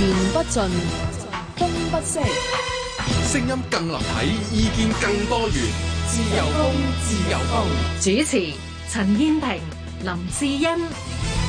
言不盡，風不息，聲音更立體，意見更多元。自由風，自由風。主持：陳燕萍、林志欣。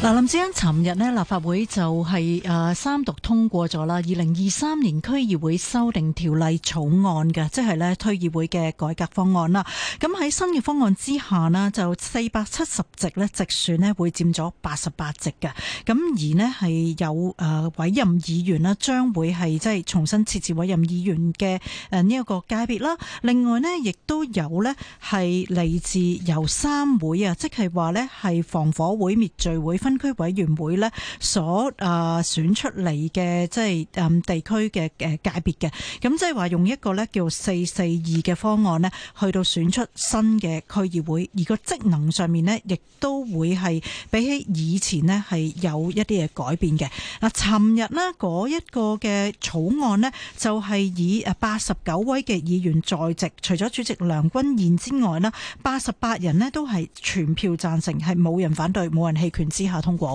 嗱，林志恩，尋日咧立法會就係、是、誒、呃、三讀通過咗啦，二零二三年區議會修訂條例草案嘅，即係咧區議會嘅改革方案啦。咁喺新嘅方案之下咧，就四百七十席咧直選咧會佔咗八十八席嘅。咁而咧係有誒委任議員啦，將會係即係重新設置委任議員嘅誒呢一個界別啦。另外呢，亦都有呢係嚟自由三會啊，即係話呢係防火會、滅罪會。分區委員會咧所誒選出嚟嘅，即係誒地區嘅誒界別嘅。咁即係話用一個咧叫四四二嘅方案咧，去到選出新嘅區議會，而個職能上面咧亦都會係比起以前咧係有一啲嘅改變嘅。嗱，尋日咧嗰一個嘅草案咧就係以誒八十九位嘅議員在席，除咗主席梁君彥之外咧，八十八人咧都係全票贊成，係冇人反對，冇人棄權之下，通過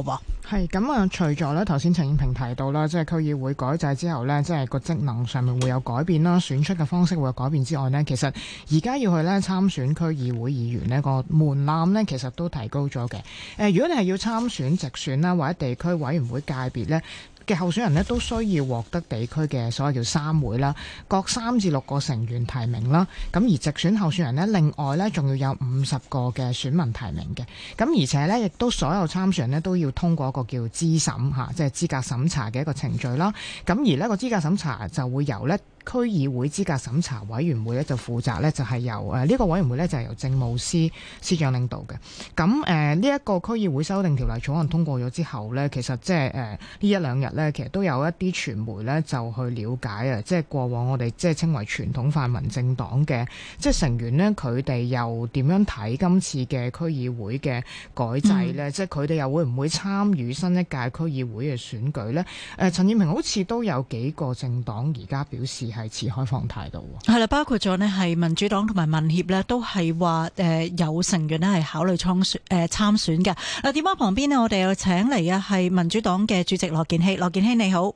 係咁啊！除咗咧頭先陳燕平提到啦，即係區議會改制之後咧，即係個職能上面會有改變啦，選出嘅方式會有改變之外咧，其實而家要去咧參選區議會議員呢個門檻咧，其實都提高咗嘅。誒、呃，如果你係要參選直選啦，或者地區委員會界別咧，嘅候選人呢都需要獲得地區嘅所謂叫三會啦，各三至六個成員提名啦。咁而直選候選人呢，另外呢，仲要有五十個嘅選民提名嘅。咁而且呢，亦都所有參選人呢都要通過一個叫資審嚇，即係資格審查嘅一個程序啦。咁而呢個資格審查就會由呢，區議會資格審查委員會咧就負責咧，就係由誒呢、呢個委員會咧就係由政務司司長領導嘅。咁誒呢一個區議會修訂條例草案通過咗之後呢，其實即係誒呢一兩日呢，其實都有一啲傳媒呢就去了解啊，即係過往我哋即係稱為傳統泛民政黨嘅即係成員呢佢哋又點樣睇今次嘅區議會嘅改制呢？嗯、即係佢哋又會唔會參與新一屆區議會嘅選舉呢？誒、呃，陳燕萍好似都有幾個政黨而家表示。係持開放態度喎，係啦，包括咗呢，係民主黨同埋民協呢，都係話誒有成員咧係考慮參選誒參選嘅。嗱、呃，電話旁邊呢，我哋又請嚟啊，係民主黨嘅主席羅健熙，羅健熙你好，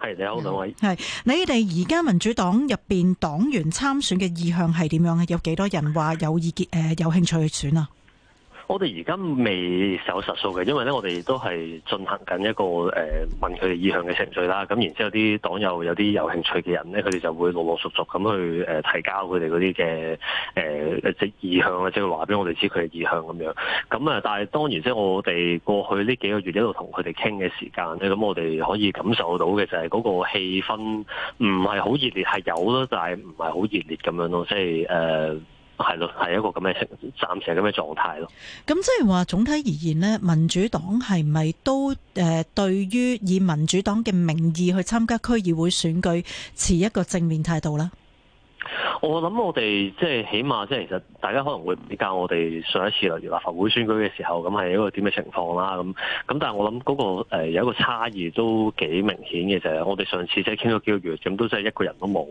係你好兩位。係你哋而家民主黨入邊黨員參選嘅意向係點樣啊？有幾多人話有意見誒、呃、有興趣去選啊？我哋而家未有實數嘅，因為咧我哋都係進行緊一個誒、呃、問佢哋意向嘅程序啦。咁然之後啲黨友有啲有興趣嘅人咧，佢哋就會陸陸續續咁去誒、呃、提交佢哋嗰啲嘅誒即意向啊，即係話俾我哋知佢嘅意向咁樣。咁啊，但係當然即係我哋過去呢幾個月一路同佢哋傾嘅時間咧，咁我哋可以感受到嘅就係嗰個氣氛唔係好熱烈，係有咯，但係唔係好熱烈咁樣咯，即係誒。呃係咯，係一個咁嘅暫時咁嘅狀態咯。咁即係話總體而言呢，民主黨係咪都誒、呃、對於以民主黨嘅名義去參加區議會選舉持一個正面態度啦？我諗我哋即係起碼即係其實大家可能會比較我哋上一次例如立法會選舉嘅時候，咁係一個點嘅情況啦咁咁但係我諗嗰個誒有一個差異都幾明顯嘅，就係、是、我哋上次即係傾咗幾個月咁都真係一個人都冇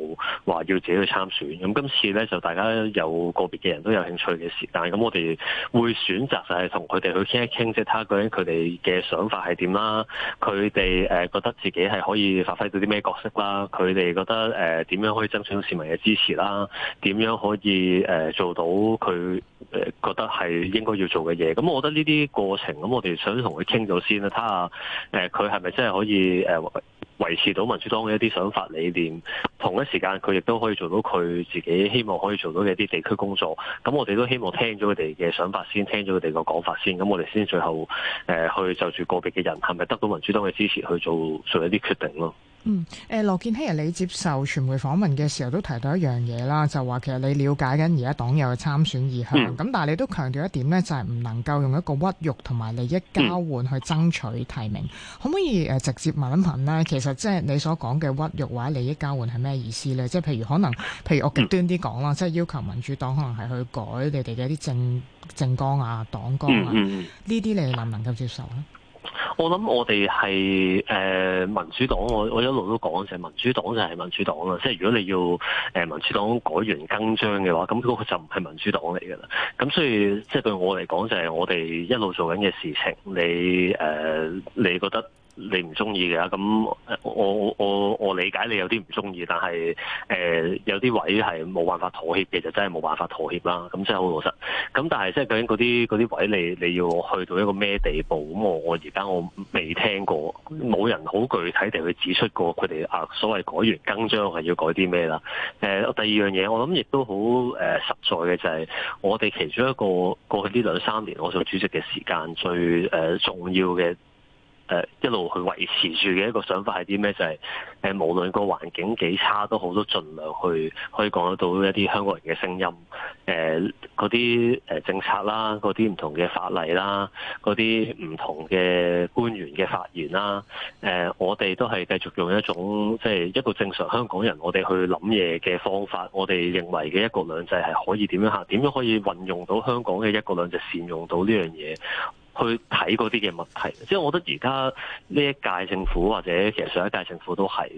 話要自己去參選，咁今次咧，就大家有個別嘅人都有興趣嘅事，但係咁我哋會選擇就係同佢哋去傾一傾，即係睇下究竟佢哋嘅想法係點啦，佢哋誒覺得自己係可以發揮到啲咩角色啦，佢哋覺得誒點樣可以爭取到市民嘅支持。啦，點樣可以誒做到佢誒覺得係應該要做嘅嘢？咁我覺得呢啲過程，咁我哋想同佢傾咗先啦，睇下誒佢係咪真係可以誒維持到民主黨嘅一啲想法理念，同一時間佢亦都可以做到佢自己希望可以做到嘅一啲地區工作。咁我哋都希望聽咗佢哋嘅想法先，聽咗佢哋個講法先，咁我哋先最後誒去就住個別嘅人係咪得到民主黨嘅支持去做做一啲決定咯。嗯，誒羅健熙啊，你接受傳媒訪問嘅時候都提到一樣嘢啦，就話其實你了解緊而家黨友嘅參選意向，咁、嗯、但係你都強調一點呢，就係、是、唔能夠用一個屈辱同埋利益交換去爭取提名。嗯、可唔可以誒直接問一問呢？其實即係你所講嘅屈辱或者利益交換係咩意思呢？即、就、係、是、譬如可能，譬如我極端啲講啦，嗯、即係要求民主黨可能係去改你哋嘅一啲政政綱啊、黨綱啊，呢啲你能唔能夠接受呢？我諗我哋係誒民主黨，我我一路都講就係、是、民主黨就係民主黨啦。即係如果你要誒、呃、民主黨改完更張嘅話，咁嗰個就唔係民主黨嚟噶啦。咁所以即係對我嚟講就係、是、我哋一路做緊嘅事情，你誒、呃、你覺得？你唔中意嘅咁，我我我理解你有啲唔中意，但係誒、呃、有啲位係冇辦法妥協嘅，就真係冇辦法妥協啦。咁、嗯、真係好老實。咁、嗯、但係即係究竟嗰啲啲位你，你你要去到一個咩地步？咁、嗯、我我而家我未聽過，冇人好具體地去指出過佢哋啊所謂改完更張係要改啲咩啦。誒、呃、第二樣嘢，我諗亦都好誒、呃、實在嘅、就是，就係我哋其中一個過去呢兩三年我做主席嘅時間最誒、呃、重要嘅。誒、呃、一路去維持住嘅一個想法係啲咩？就係、是、誒、呃、無論個環境幾差都好，都盡量去可以講得到一啲香港人嘅聲音。誒，嗰啲誒政策啦，嗰啲唔同嘅法例啦，嗰啲唔同嘅官員嘅發言啦。誒、呃、我哋都係繼續用一種即係、就是、一個正常香港人我哋去諗嘢嘅方法。我哋認為嘅一國兩制係可以點樣吓，點樣可以運用到香港嘅一國兩制善用到呢樣嘢？去睇嗰啲嘅問題，即係我覺得而家呢一屆政府或者其實上一屆政府都係，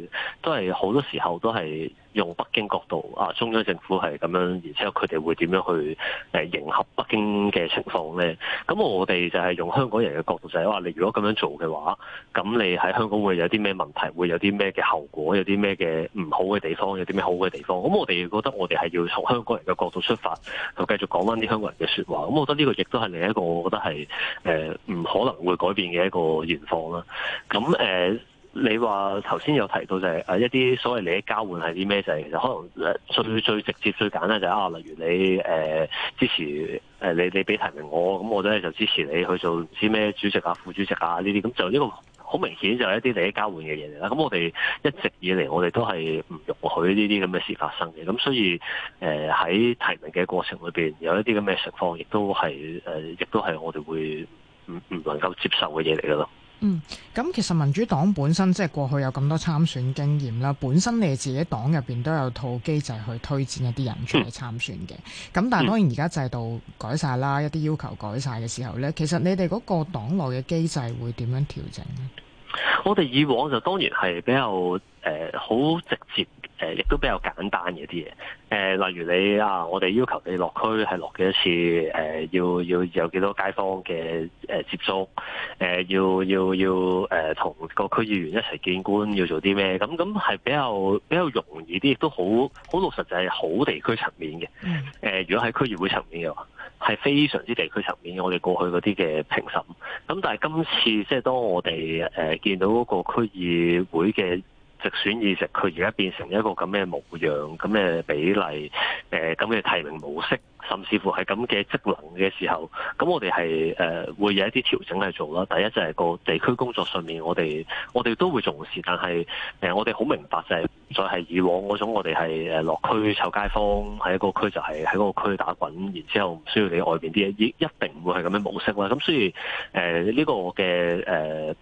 都係好多時候都係。用北京角度啊，中央政府係咁樣，而且佢哋會點樣去誒、呃、迎合北京嘅情況咧？咁我哋就係用香港人嘅角度，就係、是、話你如果咁樣做嘅話，咁你喺香港會有啲咩問題，會有啲咩嘅後果，有啲咩嘅唔好嘅地方，有啲咩好嘅地方？咁我哋覺得我哋係要從香港人嘅角度出發，就繼續講翻啲香港人嘅說話。咁我覺得呢個亦都係另一個我覺得係誒唔可能會改變嘅一個現況啦。咁誒。呃你話頭先有提到就係誒一啲所謂利益交換係啲咩？就係其實可能最最直接最簡單就係啊，例如你誒、呃、支持誒你、呃、你俾提名我，咁我哋就，就支持你去做啲咩主席啊、副主席啊呢啲，咁就呢個好明顯就係一啲利益交換嘅嘢嚟啦。咁我哋一直以嚟我哋都係唔容許呢啲咁嘅事發生嘅。咁所以誒、呃、喺提名嘅過程裏邊有一啲咁嘅情況，亦都係誒亦都係我哋會唔唔能夠接受嘅嘢嚟噶咯。嗯，咁其實民主黨本身即係過去有咁多參選經驗啦，本身你自己黨入邊都有套機制去推薦一啲人出嚟參選嘅。咁、嗯、但係當然而家制度改晒啦，一啲要求改晒嘅時候呢，其實你哋嗰個黨內嘅機制會點樣調整呢？我哋以往就當然係比較誒好、呃、直接。誒亦都比較簡單嘅啲嘢，誒、呃、例如你啊，我哋要求你落區係落幾多次，誒、呃、要要有幾多街坊嘅誒接觸，誒、呃、要要要誒同個區議員一齊見官，要做啲咩？咁咁係比較比較容易啲，亦都好好落實，就係好地區層面嘅。誒、嗯嗯嗯、如果喺區議會層面嘅話，係非常之地區層面嘅。我哋過去嗰啲嘅評審，咁、嗯、但係今次即係當我哋誒、呃、見到嗰個區議會嘅直選議席，佢而家變成一個咁嘅模樣，咁嘅比例，誒、呃，咁嘅提名模式，甚至乎係咁嘅職能嘅時候，咁我哋係誒會有一啲調整去做啦。第一就係個地區工作上面我，我哋我哋都會重視，但係誒、呃、我哋好明白就係、是，再係以往嗰種我哋係誒落區湊街坊，喺個區就係喺嗰個區打滾，然之後唔需要你外邊啲嘢，亦一定唔會係咁嘅模式啦。咁所以誒呢、呃這個嘅誒。呃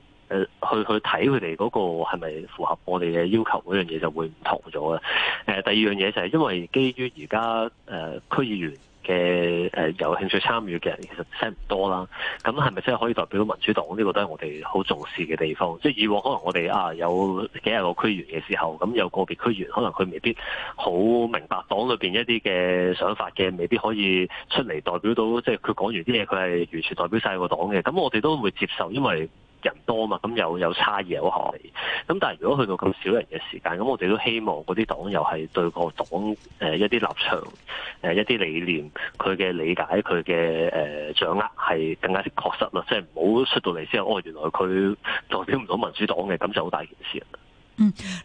去去睇佢哋嗰個係咪符合我哋嘅要求嗰樣嘢就會唔同咗啦。誒、呃，第二樣嘢就係因為基於而家誒區議員嘅誒、呃、有興趣參與嘅人其實聲唔多啦，咁係咪真係可以代表民主黨呢？呢個都係我哋好重視嘅地方。即係以往可能我哋啊有幾廿個區議員嘅時候，咁有個別區議員可能佢未必好明白黨裏邊一啲嘅想法嘅，未必可以出嚟代表到，即係佢講完啲嘢，佢係完全代表晒個黨嘅。咁我哋都會接受，因為，人多嘛，咁有有差異有學咁，但係如果去到咁少人嘅時間，咁我哋都希望嗰啲黨友係對個黨誒、呃、一啲立場誒、呃、一啲理念佢嘅理解佢嘅誒掌握係更加的確實咯，即係唔好出到嚟之後哦，原來佢代表唔到民主黨嘅，咁就好大件事。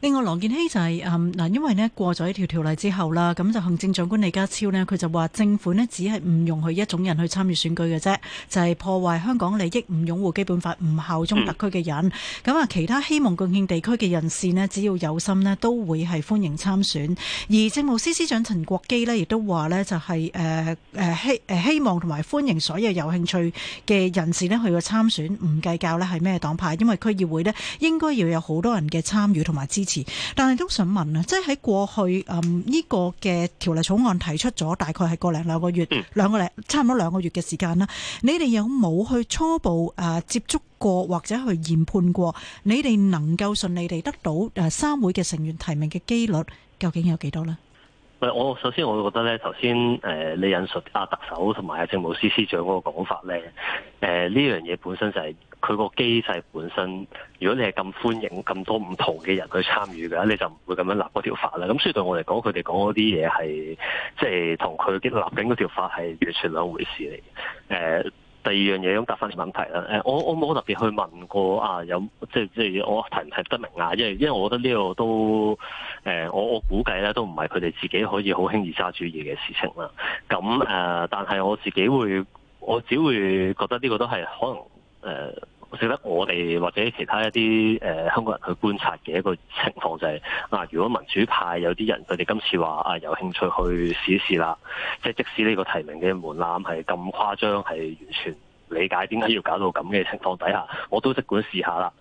另外羅健熙就係誒嗱，因為咧過咗呢條條例之後啦，咁就行政長官李家超呢，佢就話政府呢，只係唔容許一種人去參與選舉嘅啫，就係、是、破壞香港利益、唔擁護基本法、唔效忠特區嘅人。咁啊、嗯，其他希望貢獻地區嘅人士呢，只要有心呢，都會係歡迎參選。而政務司司長陳國基呢，亦都話呢，就係誒誒希誒希望同埋歡迎所有有興趣嘅人士呢，去嘅參選，唔計較呢，係咩黨派，因為區議會呢，應該要有好多人嘅參與。同埋支持，但係都想問啊，即係喺過去誒呢、嗯呢個嘅條例草案提出咗，大概係個零兩個月，兩、嗯、個零差唔多兩個月嘅時間啦。你哋有冇去初步誒、啊、接觸過或者去研判過，你哋能夠順利地得到誒、啊、三會嘅成員提名嘅機率，究竟有幾多呢？唔我首先，我覺得呢頭先誒你引述阿特首同埋阿政務司司長嗰個講法呢，誒呢樣嘢本身就係、是。佢個機制本身，如果你係咁歡迎咁多唔同嘅人去參與嘅，你就唔會咁樣立嗰條法啦。咁所以對我嚟講，佢哋講嗰啲嘢係即係同佢啲立緊嗰條法係完全兩回事嚟嘅。誒、呃，第二樣嘢咁答翻啲問題啦。誒、呃，我我冇特別去問過啊，有即即我提唔提得明啊。因為因為我覺得呢個都誒、呃，我我估計咧都唔係佢哋自己可以好輕易揸主意嘅事情啦。咁誒、呃，但係我自己會，我只會覺得呢個都係可能誒。呃我識得我哋或者其他一啲誒、呃、香港人去觀察嘅一個情況就係、是、啊，如果民主派有啲人佢哋今次話啊有興趣去試一試啦，即係即使呢個提名嘅門檻係咁誇張，係完全理解點解要搞到咁嘅情況底下，我都即管試下啦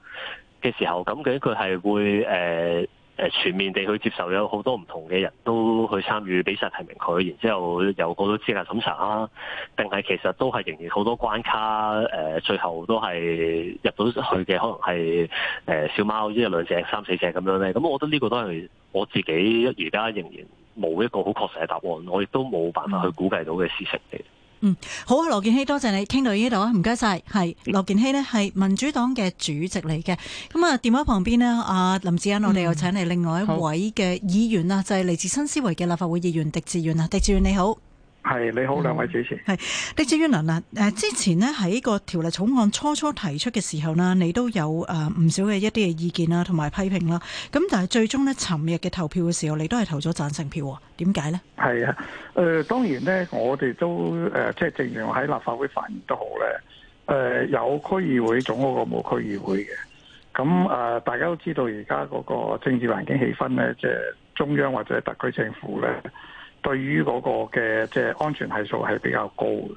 嘅時候，咁佢佢係會誒。呃誒全面地去接受有好多唔同嘅人都去參與比實提名佢，然之後有好多資格審查啦，定係其實都係仍然好多關卡誒、呃，最後都係入到去嘅可能係誒、呃、小貓一兩隻、三四隻咁樣咧。咁我覺得呢個都係我自己而家仍然冇一個好確實嘅答案，我亦都冇辦法去估計到嘅事情嚟。嗯，好啊，羅健熙，多謝你傾到呢度啊，唔該晒。係羅健熙呢，係民主黨嘅主席嚟嘅。咁啊，電話旁邊呢，阿、啊、林志恩，我哋又請嚟另外一位嘅議員啊，嗯、就係嚟自新思維嘅立法會議員狄志遠啊，狄志遠你好。係你好，兩、嗯、位主持。係，狄志遠，嗱，誒，之前呢，喺個條例草案初初提出嘅時候呢，你都有誒唔少嘅一啲嘅意見啦，同埋批評啦。咁但係最終呢，尋日嘅投票嘅時候，你都係投咗贊成票，點解呢？係啊，誒、呃，當然呢，我哋都誒，即係正如喺立法會發言都好咧。誒、呃，有區議會總嗰個冇區議會嘅。咁誒、呃，大家都知道而家嗰個政治環境氣氛呢，即係中央或者特區政府呢。對於嗰個嘅即係安全係數係比較高嘅，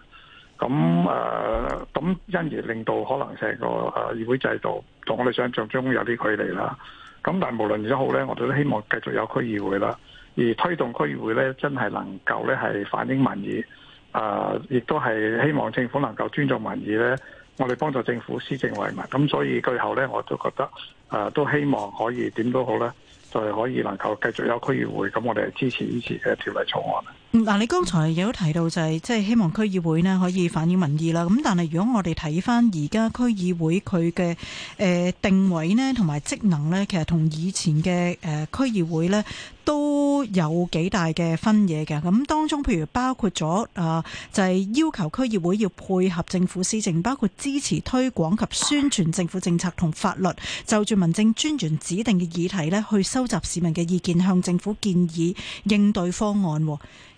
咁誒，咁、呃、因而令到可能成個誒議會制度同我哋想象中有啲距離啦。咁但係無論如何都好咧，我哋都希望繼續有區議會啦，而推動區議會咧，真係能夠咧係反映民意，誒、呃，亦都係希望政府能夠尊重民意咧，我哋幫助政府施政為民。咁所以最後咧，我都覺得誒、呃，都希望可以點都好咧。就係可以能夠繼續有區議會，咁我哋係支持以前嘅條例草案。嗯，嗱，你剛才有提到就係即係希望區議會呢可以反映民意啦。咁但係如果我哋睇翻而家區議會佢嘅誒定位呢同埋職能呢，其實同以前嘅誒區議會呢都都有幾大嘅分野嘅，咁當中譬如包括咗啊，就係要求區議會要配合政府施政，包括支持推廣及宣傳政府政策同法律，就住民政專員指定嘅議題呢，去收集市民嘅意見，向政府建議應對方案。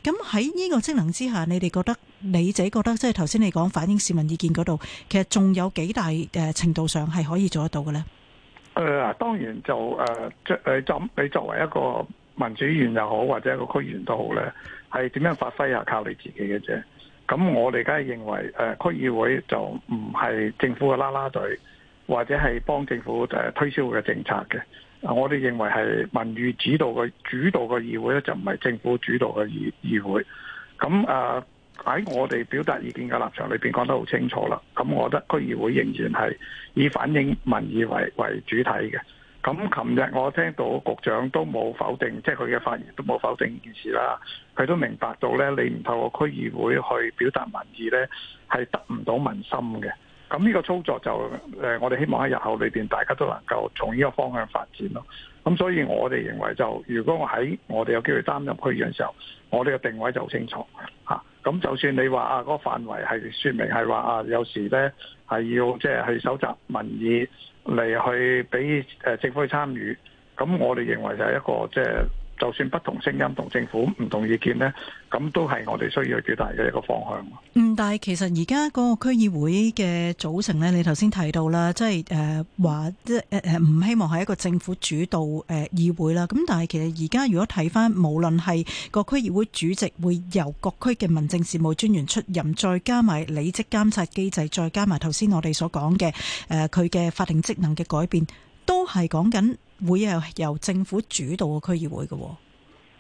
咁喺呢個職能之下，你哋覺得你自己覺得，即係頭先你講反映市民意見嗰度，其實仲有幾大誒程度上係可以做得到嘅呢？誒，當然就誒，作誒作你作為一個。民主議員又好，或者個區議員都好咧，係點樣發揮啊？靠你自己嘅啫。咁我哋梗係認為，誒區議會就唔係政府嘅啦啦隊，或者係幫政府誒推銷嘅政策嘅。我哋認為係民意指導嘅，主導嘅議會咧就唔係政府主導嘅議議會。咁誒喺我哋表達意見嘅立場裏邊講得好清楚啦。咁我覺得區議會仍然係以反映民意為為主體嘅。咁琴日我聽到局長都冇否定，即係佢嘅發言都冇否定件事啦。佢都明白到咧，你唔透過區議會去表達民意咧，係得唔到民心嘅。咁呢個操作就誒，我哋希望喺日後裏邊大家都能夠從呢個方向發展咯。咁所以我哋認為就，如果我喺我哋有機會擔任區議員嘅時候，我哋嘅定位就好清楚嚇。咁就算你話啊，嗰個範圍係説明係話啊，有時咧係要即係去搜集民意。嚟去俾誒政府去參與，咁我哋認為就係一個即係。就是就算不同聲音、同政府唔同意見呢，咁都係我哋需要去表達嘅一個方向。嗯，但係其實而家嗰個區議會嘅組成呢，你頭先提到啦，即係誒話即誒誒唔希望係一個政府主導誒、呃、議會啦。咁但係其實而家如果睇返，無論係各區議會主席會由各區嘅民政事務專員出任，再加埋履職監察機制，再加埋頭先我哋所講嘅誒佢嘅法定職能嘅改變，都係講緊，會係由政府主導嘅區議會嘅，哦？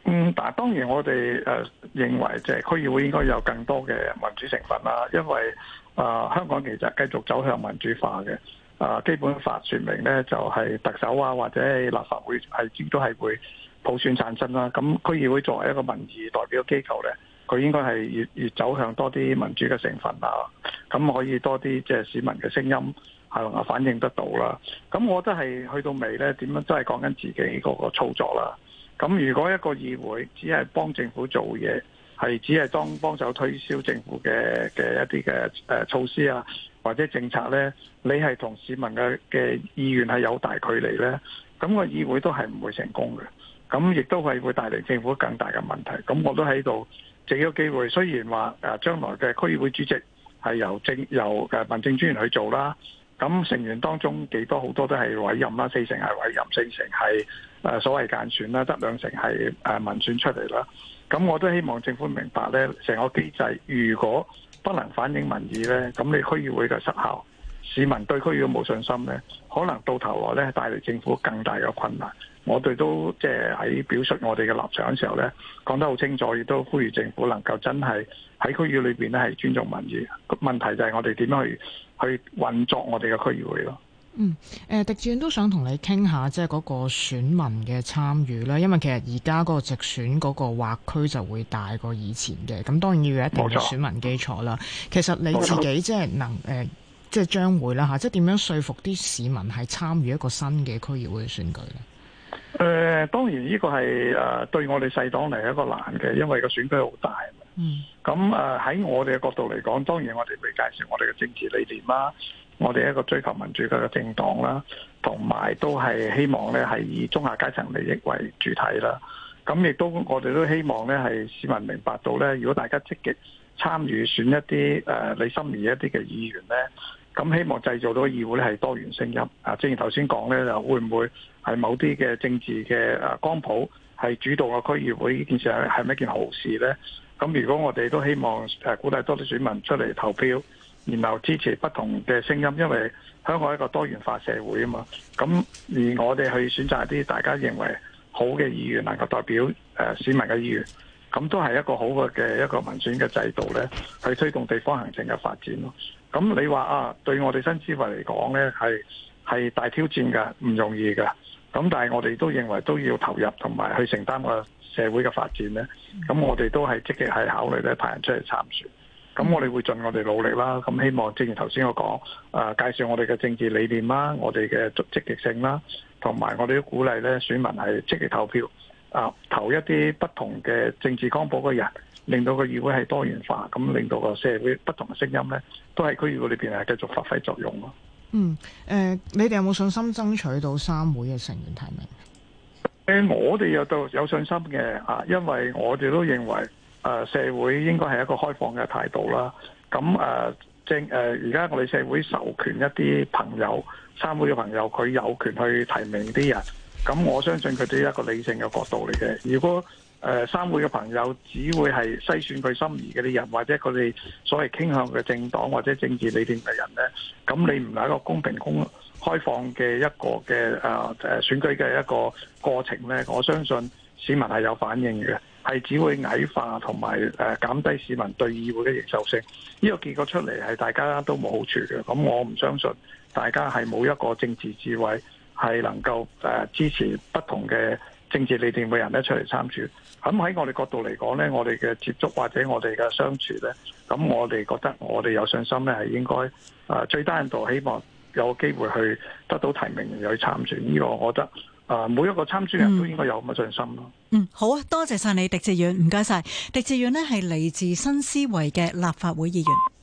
嗯，但係當然我哋誒認為即係區議會應該有更多嘅民主成分啦，因為啊、呃、香港其實繼續走向民主化嘅啊，呃《基本法》說明呢説明咧就係、是、特首啊或者立法會係都係會普選產生啦。咁區議會作為一個民意代表機構咧，佢應該係越越走向多啲民主嘅成分啦。咁可以多啲即係市民嘅聲音。係咪反映得到啦？咁我都係去到尾呢，點樣都係講緊自己嗰個操作啦。咁如果一個議會只係幫政府做嘢，係只係當幫手推銷政府嘅嘅一啲嘅誒措施啊，或者政策呢，你係同市民嘅嘅意願係有大距離呢。咁個議會都係唔會成功嘅。咁亦都係會帶嚟政府更大嘅問題。咁我都喺度藉個機會，雖然話誒將來嘅區議會主席係由政由民政專員去做啦。咁成員當中幾多好多都係委任啦，四成係委任，四成係誒、呃、所謂間選啦，得兩成係誒民選出嚟啦。咁我都希望政府明白咧，成個機制、就是、如果不能反映民意咧，咁你區議會就失效，市民對區議會冇信心咧，可能到頭來咧帶嚟政府更大嘅困難。我哋都即係喺表述我哋嘅立場嘅時候咧，講得好清楚，亦都呼籲政府能夠真係喺區議裏邊咧係尊重民意。個問題就係我哋點樣去？去運作我哋嘅區議會咯。嗯，誒、呃，狄志遠都想同你傾下，即係嗰個選民嘅參與啦。因為其實而家嗰個直選嗰個劃區就會大過以前嘅，咁當然要有一定嘅選民基礎啦。錯其實你自己即係能誒錯、呃，即係將會啦吓，即係點樣說服啲市民係參與一個新嘅區議會嘅選舉呢？誒、呃，當然呢個係誒、呃，對我哋細黨嚟一個難嘅，因為個選區好大。嗯，咁啊喺我哋嘅角度嚟講，當然我哋未介紹我哋嘅政治理念啦，我哋一個追求民主嘅政黨啦，同埋都係希望咧係以中下階層利益為主體啦。咁亦都我哋都希望咧係市民明白到咧，如果大家積極參與選一啲誒你心儀一啲嘅議員咧，咁希望製造到議會咧係多元聲音。啊，正如頭先講咧，又會唔會係某啲嘅政治嘅光譜係主導個區議會呢件事係咪一件好事咧？咁如果我哋都希望誒鼓勵多啲選民出嚟投票，然後支持不同嘅聲音，因為香港一個多元化社會啊嘛，咁而我哋去選擇一啲大家認為好嘅議員，能夠代表誒、呃、市民嘅議員，咁都係一個好嘅嘅一個民選嘅制度咧，去推動地方行政嘅發展咯。咁你話啊，對我哋新思維嚟講咧，係係大挑戰嘅，唔容易嘅。咁但係我哋都認為都要投入同埋去承擔㗎、啊。社會嘅發展呢，咁我哋都係積極係考慮咧，派人出嚟參選。咁我哋會盡我哋努力啦。咁希望正如頭先我講，誒、呃、介紹我哋嘅政治理念啦，我哋嘅積極性啦，同埋我哋都鼓勵咧選民係積極投票，啊、呃、投一啲不同嘅政治光譜嘅人，令到個議會係多元化，咁令到個社會不同嘅聲音呢，都喺區議會裏邊係繼續發揮作用咯。嗯，誒、呃、你哋有冇信心爭取到三會嘅成員提名？我哋又都有信心嘅啊，因為我哋都認為，誒、呃、社會應該係一個開放嘅態度啦。咁誒政誒，而、呃、家、呃、我哋社會授權一啲朋友，三會嘅朋友，佢有權去提名啲人。咁我相信佢哋一個理性嘅角度嚟嘅。如果誒、呃、三會嘅朋友只會係篩選佢心儀嗰啲人，或者佢哋所謂傾向嘅政黨或者政治理念嘅人咧，咁你唔係一個公平公。開放嘅一個嘅誒誒選舉嘅一個過程咧，我相信市民係有反應嘅，係只會矮化同埋誒減低市民對議會嘅認受性。呢、這個結果出嚟係大家都冇好處嘅，咁我唔相信大家係冇一個政治智慧係能夠誒、啊、支持不同嘅政治理念嘅人咧出嚟參選。咁喺我哋角度嚟講咧，我哋嘅接觸或者我哋嘅相處咧，咁我哋覺得我哋有信心咧係應該誒、啊、最低限度希望。有機會去得到提名，又去參選，呢個我覺得啊、呃，每一個參選人都應該有咁嘅信心咯。嗯，好啊，多謝晒你，狄志遠，唔該晒。狄志遠呢，係嚟自新思維嘅立法會議員。